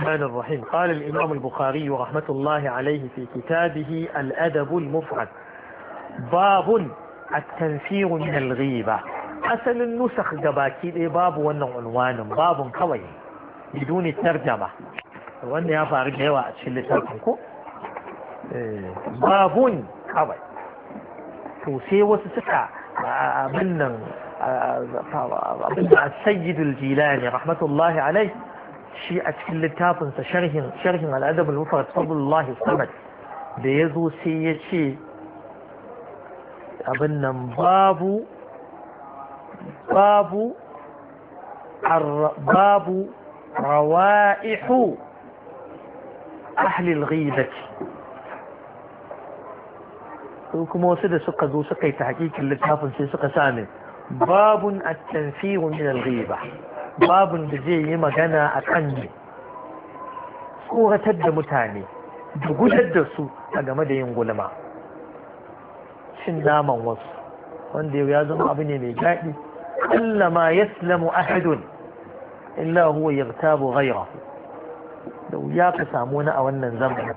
الرحمن الرحيم قال الإمام البخاري رحمة الله عليه في كتابه الأدب المفرد باب التنفير من الغيبة أصل النسخ جباكي باب عنوان باب قوي بدون الترجمة وأن يا فارج هوا أتشل تركنكو باب قوي توسي وسسكا منن السيد الجيلاني رحمة الله عليه shi a cikin littafinsa sharhin sharhin al'adab al-mufrad fadlullah samad da ya zo sai ya ce abin nan babu babu babu rawaihu ahli al-ghibati ko kuma wasu da suka zo suka yi ta hakikin littafin sai suka sa ne babun at-tanfiru min al-ghiba babin da zai yi magana a kan ne tsoratar da mutane da gudar da su a game da yin gulma cin naman wasu wanda ya zama abu ne mai daɗi ma yaslamu ahadun illa huwa yartabu ghayrahu da wuya ka samu wani a wannan zamanin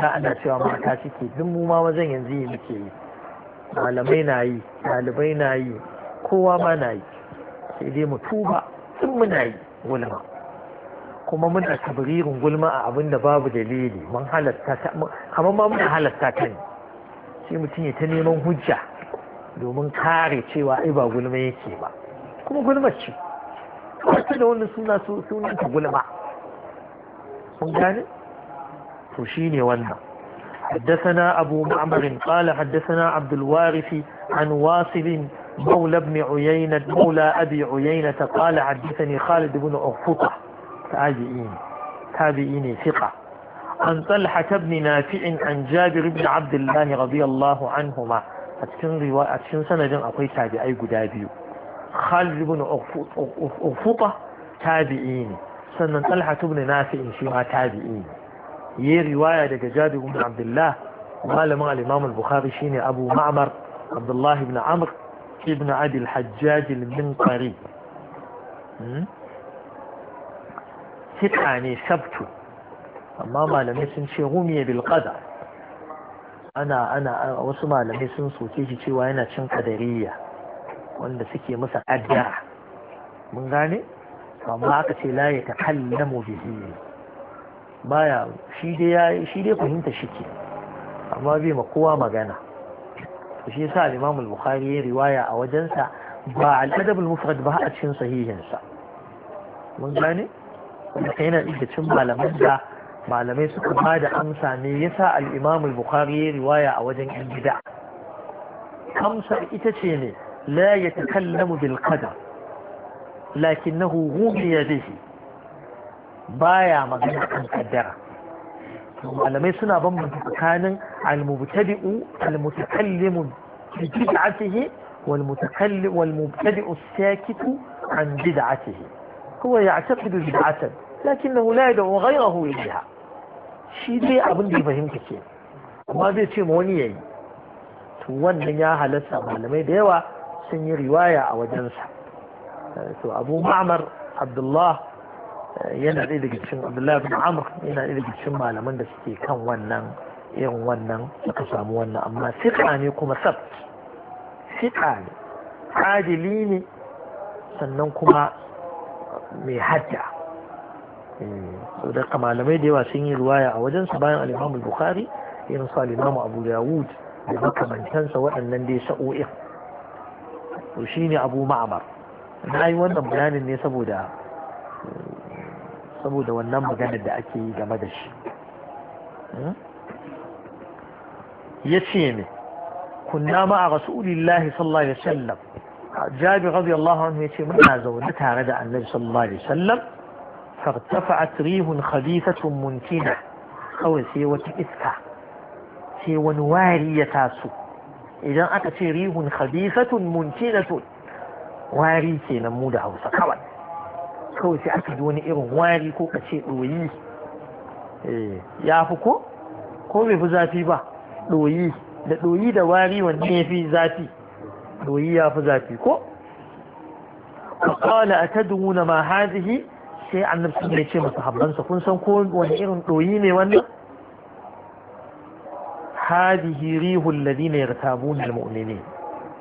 Za ana cewa mata suke duk mu ma wajen yanzu yi muke yi malamai na yi ɗalibai na yi kowa ma na yi sai dai mu tuba sun muna yi gulma kuma muna tabririn gulma a abin da babu dalili mun halatta ta kamar ma muna halatta ta ne sai mutum ya ta neman hujja domin kare cewa ai ba gulma yake ba kuma gulma ce wata da wani suna sunan ta gulma mun gane to shine wannan حدثنا أبو معمر قال حدثنا عبد الوارث عن واصل مولى ابن عيينة مولى أبي عيينة قال حدثني خالد بن أغفطة تابعين تابعين ثقة عن طلحة بن نافع عن جابر بن عبد الله رضي الله عنهما أتكن رواية أتكن سنة أقوي تابعي قدابيو خالد بن أغفطة تابعين سنة طلحة بن نافع شيما تابعين يي رواية جابر بن عبد الله مال مع الإمام البخاري شيني أبو معمر عبد الله بن عمرو ابن أبي الحجاج المنقري ثقة ne sabtu amma malamai sun ce rumiya bil qadar ana ana wasu malamai sun soke shi cewa yana cin kadariya wanda suke masa qaddara mun gane amma aka ce la yatakallamu bihi baya shi dai shi dai fahimta shi ke amma bai ma kowa magana shi yasa al-Imam al-Bukhari ya riwaya a wajensa ba al-Adab al-Mufrad ba a cikin sahihinsa mun gane kai yana da cikin malaman da malamai suka ba da amsa ne yasa al-Imam al-Bukhari ya riwaya a wajen yan gida. kamsar ita ce ne la yatakallamu bil qadar lakinnahu ghumiya bihi baya magana kan malamai suna bambanta tsakanin almubtadi'u mubtadiu al-mutakallimu bi bid'atihi wal mutakallim wal mubtadi'u sakitu an bid'atihi huwa ya'taqidu bid'atan lakinnahu la yad'u ghayrahu ilayha shi dai abin da ya fahimta ke amma zai ce ma wani yayi to wannan ya halatta malamai da yawa sun yi riwaya a wajensa eh, to abu ma'mar abdullah yana ɗaya daga cikin abdullahi bin amur yana ɗaya daga cikin malaman da suke kan wannan irin wannan suka samu wannan amma siƙa ne kuma sab siƙa ne adili ne sannan kuma mai hajja? Eh, sau da malamai da yawa sun yi ruwaya a su bayan alimamu bukhari irin su alimamu abu dawud da makamantansa waɗannan dai sa'o'in to shine abu ma'amar na yi wannan bayanin ne saboda saboda wannan maganar da ake yi game da shi ya ce ne kunna ma a rasulillahi sallallahu alaihi wasallam jabi radiyallahu anhu ya ce muna zaune tare da annabi sallallahu alaihi wasallam muntina kawai sai فارتفعت ريح خبيثة منتنة أو سيوة إسكا سيوة وارية تاسو إذا أكت ريح خبيثة منتنة واري mu da Hausa kawai kawai sai aka ji wani irin wari ko kace ɗoyi eh, ya fi ko ko bai fi zafi ba ɗoyi da ɗoyi da wari wanne ya fi zafi ɗoyi ya fi zafi ko kawala a taduna ma hadihi sai annabi sun ya ce masu habbansa kun san ko wani irin ɗoyi ne wannan hadihi rihul ladina yartabuna almu'minin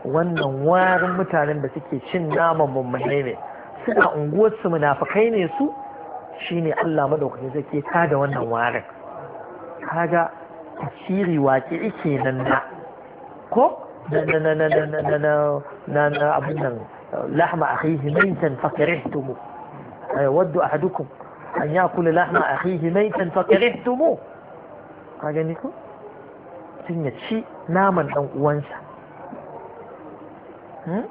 wannan warin mutanen da suke cin naman mummune ne suna unguwarsu munafukai ne su shine Allah madaukaki zake ta da wannan warin kaga tasiri waƙi nan na ko na na na na na na na na abin nan lahma akhihi maitan fakarihtumu waddu ahadukum an yakula lahma akhihi maitan fakarihtumu ka gani ko tun ya ci naman dan uwansa hmm?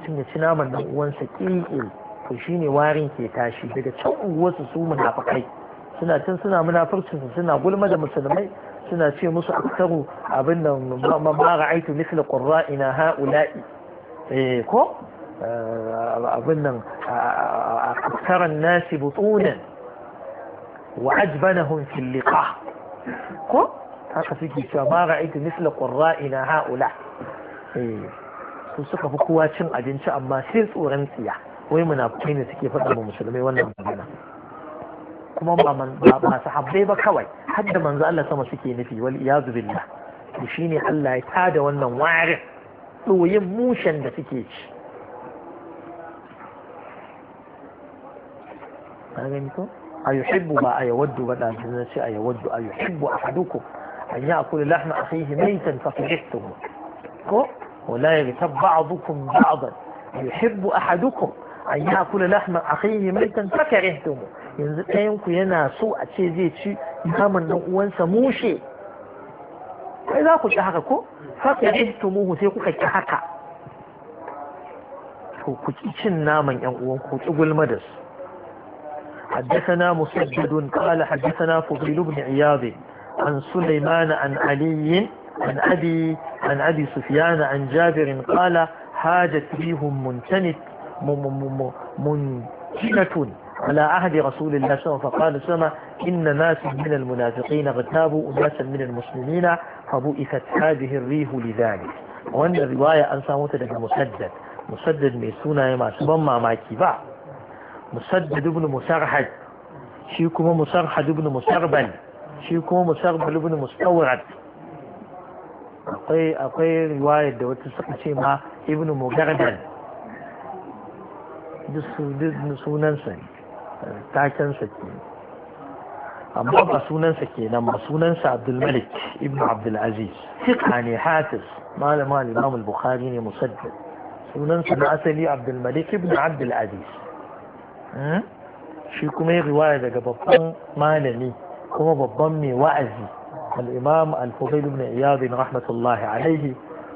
mutum ya ci naman dan uwansa ƙiƙil to shine warin ke tashi daga can unguwarsu su munafukai suna can suna munafurcinsu suna gulma da musulmai suna ce musu aktaru abin da ma ra'aitu misla qurra'ina ha'ula'i eh ko eh, abin nan aktaran nasi butunan wa ajbanahum fil liqa ko haka suke cewa ma ra'aitu misla qurra'ina ha'ula eh su suka fi kowa cin abinci amma sai tsoron tsiya wai munafukai ne suke faɗa ma musulmai wannan magana kuma ba ba sahabbai ba kawai har da manzo Allah sama suke nufi wal iyazu billah to shine Allah ya tada wannan warin ɗoyin mushen da suke ci a yuhibbu ba a yawaddu ba ɗazin sun ce a yawaddu a yuhibbu a haduku an yi akuli lahna a sai fa ko ولا يغتب بعضكم بعضا يحب أحدكم أن يأكل لحم أخيه ميتا فكرهتموه yanzu ɗayanku yana so a ce zai ci naman nan uwansa mushe kai za ku ci haka ko haka ne to muhu sai kuka ki haka to ku ci cin naman yan uwanku ku ci gulma da su حدثنا مسدد قال حدثنا فضيل بن عياض عن an عن علي عن أبي عن أبي سفيان عن جابر قال حاجت فيهم منتنت منتنة على عهد رسول الله صلى الله عليه وسلم فقال سما إن ناس من المنافقين اغتابوا أناسا من المسلمين فبؤثت هذه الريح لذلك وأن الرواية أن ساموت لك مسدد مسدد ميسونا يما سبما ما كبا مسدد بن مسرحد شيكم مسرحد بن مسربل شيكم مسربل بن مستورد akwai akwai riwayar da wata suka ce ma ibnu mugardan duk sunansa takensa ke amma ba sunansa kenan ba sunansa abdulmalik ibnu abdulaziz fiqa ne hafiz malama al-imam al-bukhari ne musaddad sunansa na asali abdulmalik ibnu abdulaziz hmm? shi kuma ya riwaya daga babban malami kuma babban mai wa'azi الإمام الفضيل بن عياض رحمة الله عليه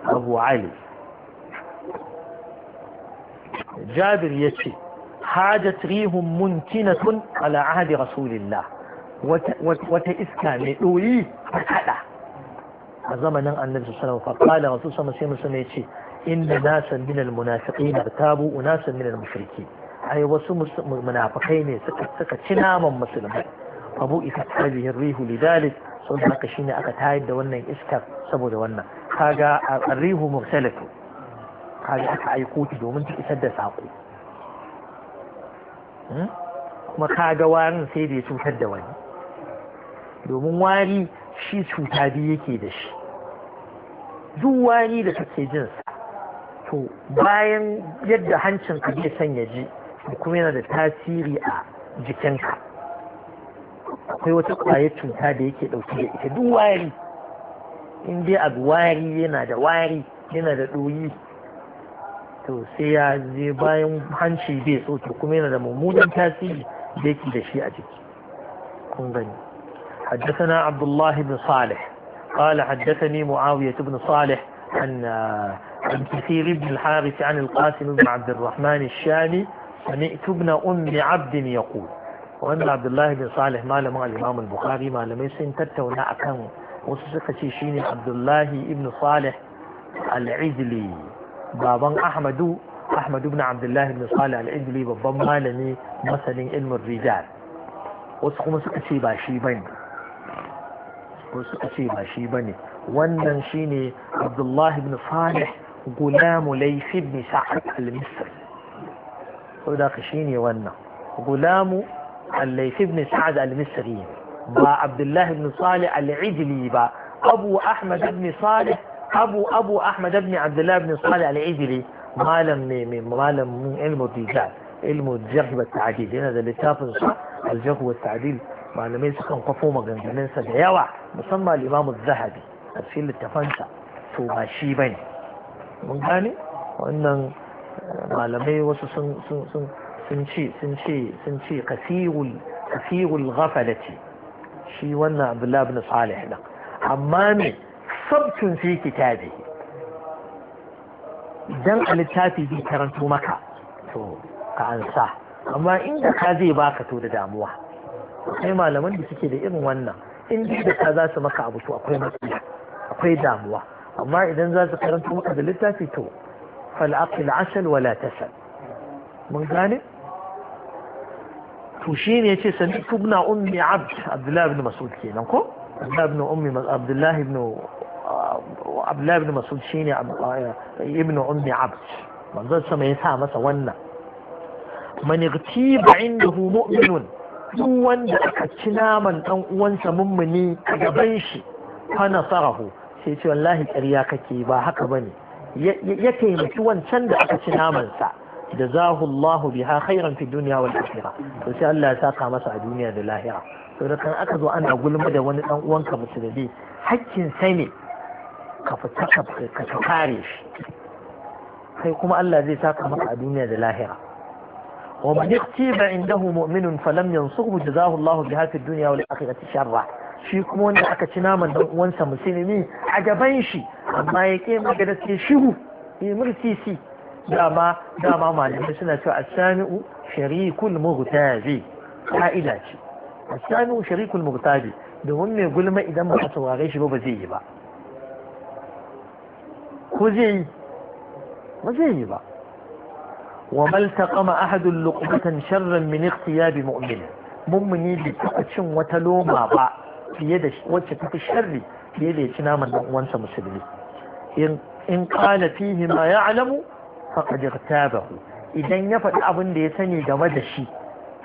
أبو علي جابر يشي حاجت ريهم منتنة على عهد رسول الله وتإسكى مئوي حدا زمن النبي صلى الله عليه وسلم فقال رسول صلى الله عليه وسلم يشي إن ناسا من المنافقين ارتابوا أناسا من المشركين أي وسم منافقين سكت سكت شناما مسلمين فبؤست هذه الريح لذلك sau da haka shine aka tayar da wannan iskar saboda wannan kaga arrihu mursalatu kaga aka aiko ki domin ta isar da sako hmm? kuma kaga warin sai da ya cutar da wani domin wari shi cuta biyu yake da shi duk wari da kake jinsa to bayan yadda hancin ka zai sanya ji kuma yana da tasiri a jikinka akwai wata ƙwayar cuta da yake ɗauke da ita duk wari in dai abu wari yana da wari yana da ɗoyi to sai ya je bayan hanci bai tsoke kuma yana da mummunan tasiri da yake da shi a jiki kun gani حدثنا عبد الله بن صالح قال حدثني معاوية بن صالح عن عن كثير بن الحارث عن القاسم بن عبد الرحمن الشامي سمعت ابن أم عبد يقول wannan abdullahi bin salih malamin al'imam al-bukhari malamai sun tattauna akan wasu suka ce shine abdullahi ibn salih al-ijli baban ahmadu ahmadu ibn abdullahi ibn salih al-ijli babban malami masanin ilmin rijal wasu kuma suka ce ba shi bane wasu suka ce ba shi bane wannan shine abdullahi ibn salih gulamu layth ibn sa'ad al-misri saboda ka shine wannan gulamu الليث بن سعد المصري با عبد الله بن صالح العجلي با أبو أحمد بن صالح أبو أبو أحمد بن عبد الله بن صالح العجلي مالم مالم من علم الرجال علم الجرح والتعديل هنا ده لتافن الجرح والتعديل malamai sukan kwafo maganganunsa da yawa musamman limamu zahabi a cikin littafansa to ba shi ba ne mun gane wannan malamai wasu sun sun ce sun ce sun ce kasirul kasirul ghafalati shi wannan abdullah ibn salih din amma me sabtun fi kitabi idan a littafi bi karanto maka to ka ansa amma inda ka zai baka to da damuwa sai malaman da suke da irin wannan in da ka za su maka abu to akwai matsala akwai damuwa amma idan za su karanto maka da littafi to fal'aqil ashal wala tasal mun gane to shi ne ya ce sani tubna ummi abd abdullahi ibn masud kenan ko abdullahi ibn ummi abdullahi ah, shi ne ah, ibn ummi abd manzon sama ya sa masa wannan man inda indahu mu'minun duk wanda aka ci naman dan uwansa mummuni a gaban shi fa nasarahu sai ce wallahi ƙarya kake ba haka bane ya taimaki wancan da aka ci naman sa jazahu Allah biha khairan fi dunya wal akhirah to Allah ya saka masa a duniya da lahira to da kan aka zo ana gulma da wani dan uwanka musulmi hakkin sai ne ka fita ka kare shi kai kuma Allah zai saka maka a duniya da lahira ومن اغتيب عنده مؤمن فلم ينصره جزاه الله hafi في الدنيا والآخرة شرا shi kuma wanda aka ci naman dan uwansa musulmi a gaban shi amma ya ke magana ce shihu yi mursisi داما ما معلم سنة السامع شريك المغتاج عائلة السامع شريك المغتاج دون ما يقول ما إذا ما أتوا غيش بابا زي با خزي ما با وما التقم أحد لقمة شرا من اغتياب مؤمن مؤمني بتقشم وتلوم با في يدش وتشتك الشر في يدش نام وانسى مسلمين إن قال فيه ما يعلم faqad irtabahu idan ya faɗi abin da ya sani game da shi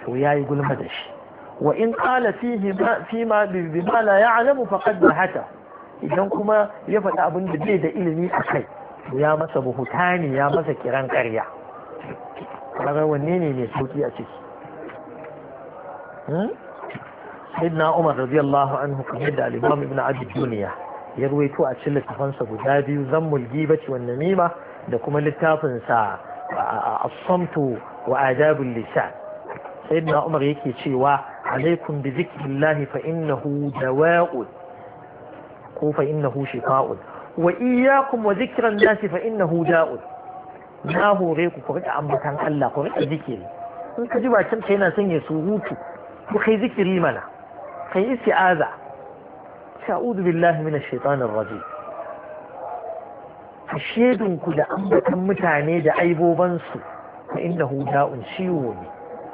to yayi gulma da shi wa in qala fi ma fima bima la ya'lamu da hata idan kuma ya faɗi abin da bai da ilimi a kai to ya masa buhutani ya masa kiran ƙarya kaga wanne ne mai sauki a ciki sayyidina Umar radiyallahu anhu kamar da al-Imam Ibn Abi Duniya ya ruwaito a cikin littafansa guda biyu zammul gibati wan namima da kuma littafinsa a samtu wa adabul lisan sayyidina umar yake cewa alaikum bi zikrillahi fa innahu dawa'un ko fa innahu shifa'un wa iyyakum wa zikran nasi fa innahu da'un na hore ku ku rika ambatan Allah ku rika zikiri in ka ji bakin ka yana son ya surutu ku kai zikiri mana kai isti'aza sha'udu billahi minash shaitanir rajim a shedinku da ambatan mutane da aibobansu fa huda da'un ciwo ne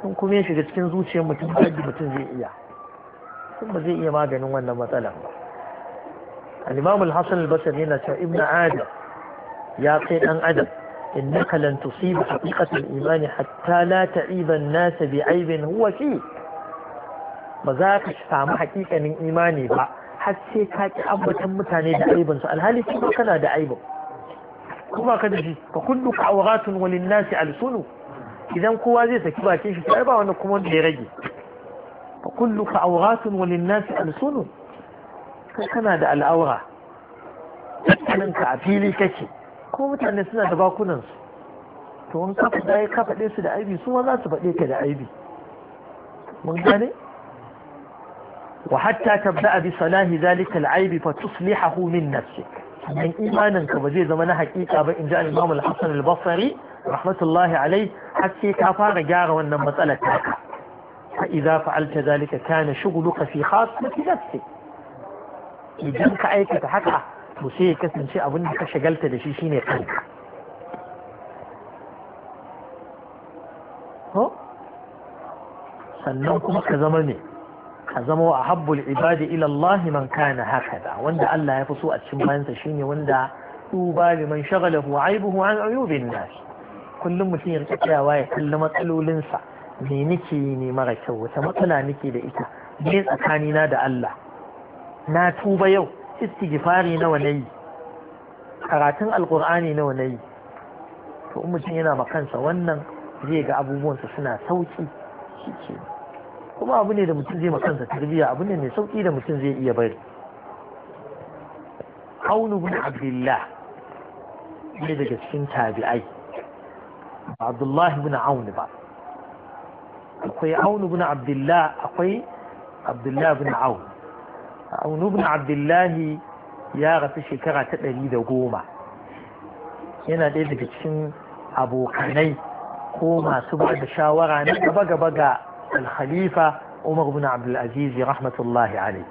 in kuma ya shiga cikin zuciyar mutum haddi mutum zai iya sun ba zai iya maganin wannan matsalar ba al-imam al-hasan al-basri yana cewa ibnu adam ya kai dan adam إنك لن تصيب حقيقة الإيمان حتى لا تعيب الناس بعيب huwa فيه ba za ka samu hakikanin imani ba har sai ka ki ambatan mutane da aibinsu alhali kuma kana da aibin ko ba ka da shi fa kullu awratun walin nasi alsunu idan kowa zai saki bakin shi sai ba wani kuma wanda ya rage fa kullu awratun walin nasi alsunu kai kana da al'aura tattalin ka a fili kake ko mutane suna da bakunan su to in kafa faɗa ka faɗe su da aibi su ma za su faɗe ka da aibi mun gane bi وحتى تبدأ بصلاح ذلك العيب فتصلحه من نفسك dan imanin ka ba zai zama na hakika ba in ji al-Imam al-Hasan al-Basri rahmatullahi alai har sai ka fara gyara wannan matsalar taka fa idza fa'alta zalika kana shughluka fi khassati nafsi idan ka aikata haka to sai ya kasance abin da ka shagalta da shi shine kanka sannan kuma ka zama ne a zama wa habbul ibadi ila Allah man kana hakada wanda Allah ya fi so a cikin bayansa shine wanda duba da shagalahu aibuhu an ayubin nas kullum mutum ya tsayawa ya kalli matsalolinsa me nake ne mara kyau wata matsala nake da ita tsakani tsakanina da Allah na tuba yau istighfari nawa nayi karatun alqur'ani nawa nayi to mutum yana makansa wannan zai ga abubuwansa suna sauki shi kuma abu ne da mutum zai makansa tarbiyya abu ne mai sauki da mutum zai iya bari haunu bin abdullah ne daga cikin tabi'ai ba abdullah bin aun ba akwai aun bin abdullah akwai abdullah bin aun aun bin abdullah ya rasu shekara ta ɗari da goma yana ɗaya daga cikin abokanai ko masu ba da shawara na gaba-gaba ga al umar bin abdulaziz rahmatullahi alai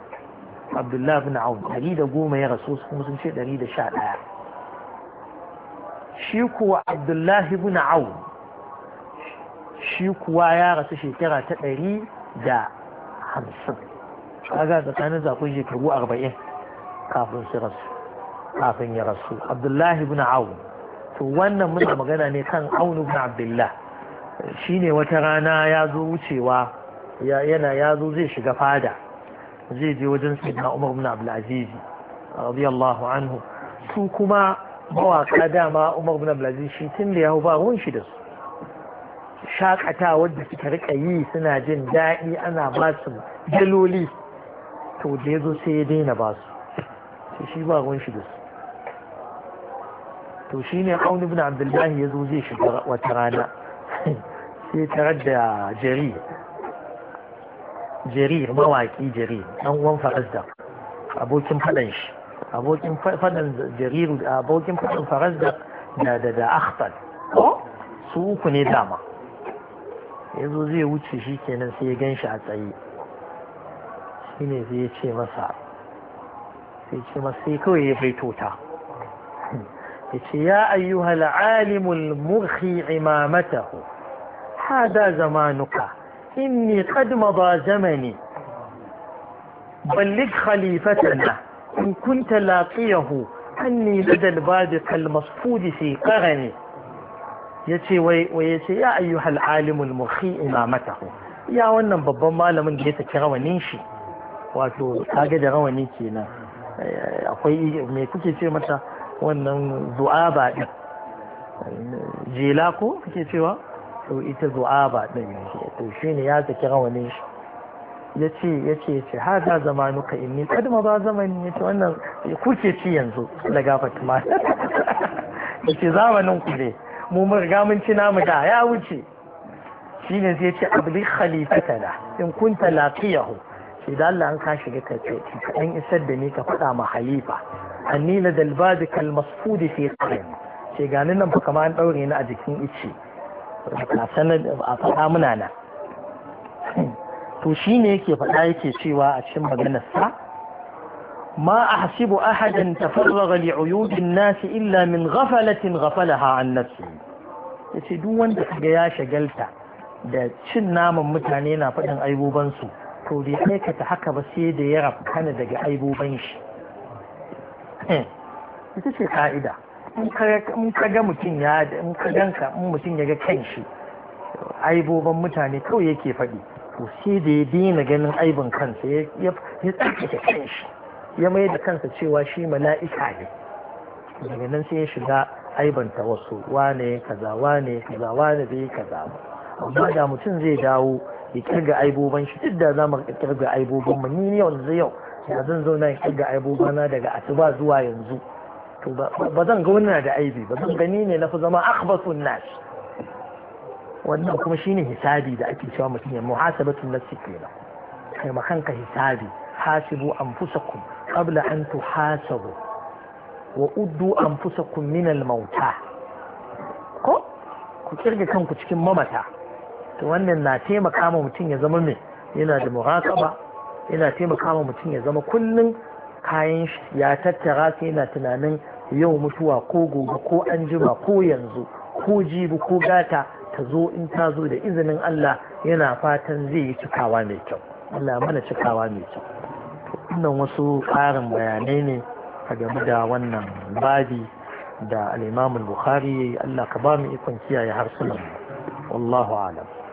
abdullahi bin aun ɗari da goma ya rasu kuma sun ce ɗari da sha ɗaya shi kuwa abdullahi bin aun shi kuwa ya rasu shekara ta ɗari da hamsin kaga tsakanin zafin shekaru arba'in kafin su rasu kafin ya rasu abdullahi bin aun to wannan muna magana ne kan aunu bin abdullah shine wata rana ya zo wucewa yana ya zo zai shiga fada zai je wajen sayyidina Umar ibn Abdul Aziz radiyallahu anhu su kuma mawaka dama Umar ibn Abdul Aziz shi tun da ya hau ba ruwan shi da su shakata da suka rika yi suna jin daɗi ana ba su daloli to da ya zo sai ya daina ba su shi ba ruwan shi da su to shi ne ibn abdullahi ya zo zai shiga wata rana sai tarar da jarir jarir mawaki jarir dan uwan farazda abokin fadan shi abokin fadan jarir abokin fadan farazda da da da akhtar su uku ne dama yanzu zai wuce shi kenan sai ya gan shi a tsaye shine zai ce masa sai ce masa sai kawai ya faito ta ya ce ya ayyuhal alimul murhi imamatahu هذا زمانك إني قد مضى زمني بلغ خليفتنا إن كنت لاقيه أني لدى الباب كالمصفود في قرني يتي ويتي يا أيها العالم المخي إمامته يا wannan babban malamin da ya saki rawanin shi wato kage da rawani kenan akwai me kuke ce mata wannan zu'aba din jela ko kuke to ita zu'aba din to ne ya saki rawanin Ya ce ya ce zama nuka inni kad ma ba zamani ce wannan kuke ci yanzu da gafat ma yace zamanin ku ne mu mun riga mun ci namu da ya wuce Shi shine sai yace abli da in kunta laqiyahu sai da Allah an ka shiga ka ce dan isar da ni ka faɗa ma khalifa annila dalbadika almasfud fi qarin ce gani nan fa kamar an daure ni a jikin ice a sanar a faɗa muna na to shi ne yake faɗa yake cewa a cikin maganarsa ما ahadin tafarraga li uyubin الناس illa min غفلة غفلها an نفسه yace duk wanda kaga ya shagalta da cin naman mutane na faɗin su to bai aikata haka ba sai da ya rafkana daga aibuban shi ita ce ka'ida in ka ga mutum ya in ka ganka in mutum ya ga kanshi aiboban mutane kawai yake faɗi to sai da ya daina ganin aibin kansa ya tsarkake kanshi ya mai da kansa cewa shi mala'ika ne daga nan sai ya shiga ta wasu wane kaza wane kaza wane zai kaza ba amma da mutum zai dawo ya kirga aiboban shi duk da zamu kirga aiboban mu ni ne yanzu yau ya zan zauna ya kirga aibobana daga asuba zuwa yanzu to ba zan ga wannan da aibi ba zan gani ne na fi zama akhbasun nas wannan kuma shine hisabi da ake cewa mutum ya muhasabatu nafsi kenan kai ma kanka hisabi hasibu anfusakum qabla an tuhasabu wa uddu anfusakum min al-mauta ko ku kirga kanku cikin mamata to wannan na taimaka ma mutum ya zama mai yana da muhasaba yana taimaka ma mutum ya zama kullum kayan shi ya tattara sai yana tunanin yau mutuwa ko gobe ko an jima ko yanzu ko jibi ko gata ta zo in ta zo da izinin Allah yana fatan zai yi cikawa mai kyau Allah mana cikawa mai kyau wannan wasu ƙarin bayanai ne a game da wannan babi da al-Imam Bukhari Allah ka ba mu ikon kiyaye harsunan wallahu alam